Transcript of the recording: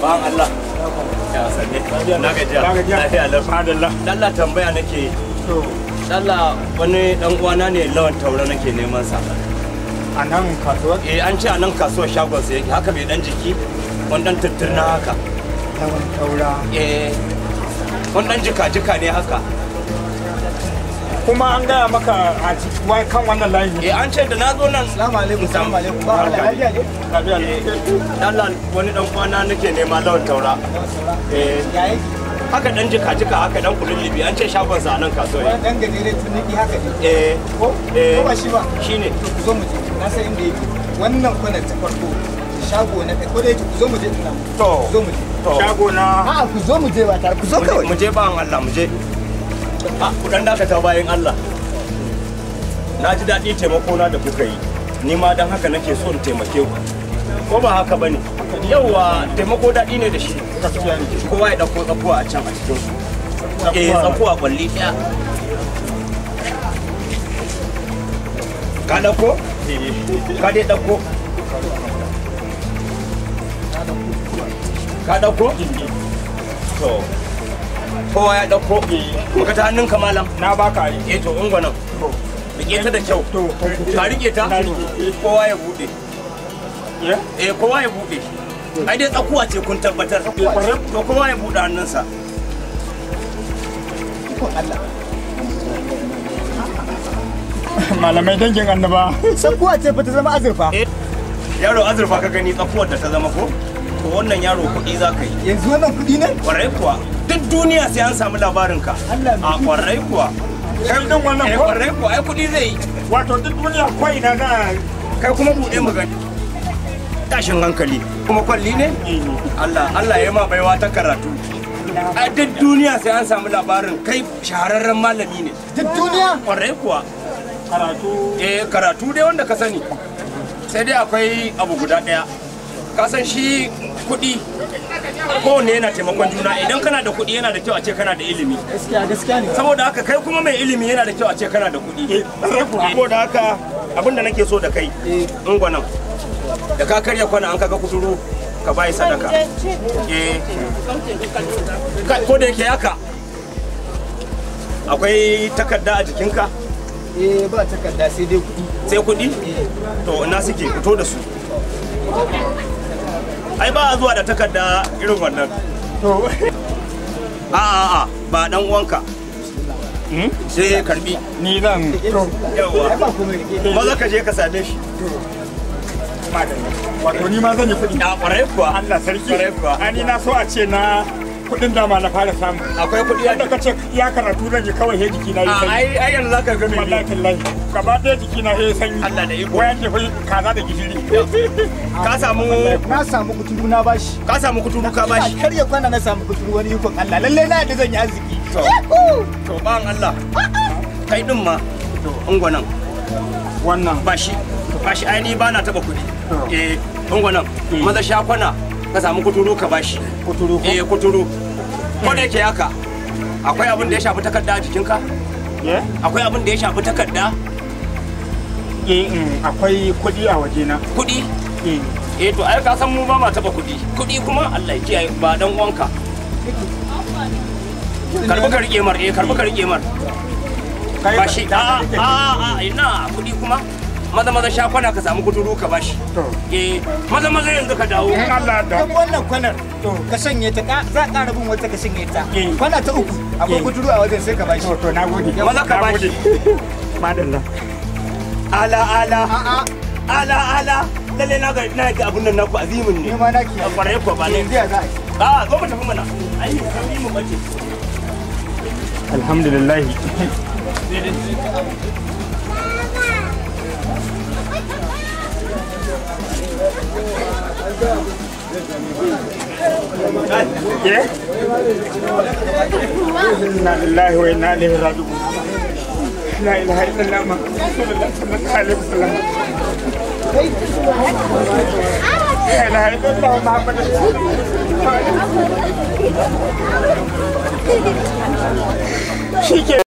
ba Allah ya sanne na gajiya lafiya lafiya Allah tambaya nake Allah wani dan uwana ne lawan taura nake neman sa a nan kasuwar eh an ce a nan kasuwar shagon sa yake haka mai dan jiki wani dan tutturna haka lawan taura eh wani dan jika jika ne haka kuma an gaya maka a cikin kan wannan layi ne eh, an ce da na zo nan salamu alaikum salamu alaikum ba Allah lafiya ne lafiya ne Allah wani dan kwana nake nema lawan taura eh yayi haka dan jika jika haka dan libi an ce shagon sa nan kasuwa ne dan gajere tuniki haka ne eh ko eh ba shi ba shine ku zo mu je na sai inda yake wannan kwana ta farko shago na ko da yake ku zo mu je ina to zo mu je shago na a ku zo mu je ba tare ku zo kawai mu je ba an Allah mu je kudan dakata bayan Allah na ji daɗi taimakona da kuka yi ni ma don haka nake so in taimake ku ko ba haka ba ne yauwa taimako daɗi ne da shi kowa ya ɗauko tsakuwa a can a cikin su eh tsakuwa kwalli ɗaya ka ɗauko eh. ka dai ɗauko ka ɗauko to kowa ya ɗauko ka ta hannun malam. na baka eh to ungwanan rike ta da kyau ka rike ta kowa ya buɗe eh? eh kowa ya buɗe ai dai tsakuwa ce kun tabbatar eh, to kowa ya buɗe hannunsa malamai dangin annaba tsakuwa ce ba ta zama azurfa eh. yaro azurfa ka gani tsakuwar da ta zama ko to wannan yaro kuɗi za ka yi yanzu wannan kuɗi ne kwarai kuwa duk duniya sai an samu labarin ka a kwarai kuwa kai din wannan eh, ko kwarai kuwa ai kuɗi zai yi wato duk duniya kwai na ga kai kuma buɗe mu gani tashin hankali kuma kwalli ne Allah Allah ya ma baiwa ta karatu a duk duniya sai an samu labarin kai shahararren malami ne duk duniya kwarai kuwa karatu eh karatu dai wanda ka sani sai dai akwai abu guda ɗaya kasan shi kuɗi kowanne yana taimakon juna idan kana da kuɗi yana da kyau a ce kana da ilimi gaskiya gaskiya ne saboda haka kai kuma mai ilimi yana da kyau a ce kana da kuɗi eh, saboda haka abin da nake so da kai eh. ungwanan da ka karya kwana an kaga kuduru ka bayi sadaka eh ko da yake haka akwai takarda a jikinka eh ba takarda sai dai kuɗi sai kuɗi eh. to ina suke fito da su ai ba a zuwa da takarda irin wannan to a a a ba dan uwanka hmm? sai ya karbi ni zan to yawa ba za ka je ka same shi to wato ni ma zan yi kuɗi a ƙwarai kuwa Allah sarki ƙwarai kuwa ani na so a ce na kudin dama na fara samu akwai kudi ya daga ce ya karatu zan yi kawai sai jiki na yi sanyi ai yanzu zaka ga mai wallahi tallahi gaba ɗaya jiki na sai sanyi Allah da iko wayan ke kaza da gishiri ka samu na samu kuturu na bashi ka samu kuturu ka bashi kar ya kwana na samu kuturu wani ikon Allah lalle na da zan yi arziki to to ban Allah kai din ma to ungwanan wannan bashi bashi ai ni ba na taba kudi eh ungwanan hmm. maza shakwana ka samu kuturu ka bashi kuturu eh kuturu ko da yake haka akwai abin da ya shafi takarda a jikinka akwai abin da ya shafi takarda eh, eh, akwai kuɗi a wajena kuɗi eh. eh to ai ka san mu ba ma taba kuɗi kuɗi kuma Allah ya kiyaye ba dan uwanka karbi ka rike mar eh karbi ka rike mar ba a a ina kuɗi kuma maza maza sha kwana ka samu kuturu ka bashi eh maza maza yanzu ka dawo in eh, Allah da wannan kwanar to ka sanya ta za ka rabin wata ka sanya ta eh. kwana ta uku akwai eh. kuturu a wajen sai ka bashi to nagode maza ka bashi madalla ala ala ala ala lalle na ga na ga abun nan naku azimin ne ma na ki kwarai ko ba ne a zo mu tafi mana ai ka bi mu bace alhamdulillah إنا لله وإنا إليه راجعون لا إله إلا الله محمد رسول الله صلى الله عليه وسلم لا إله إلا الله محمد رسول الله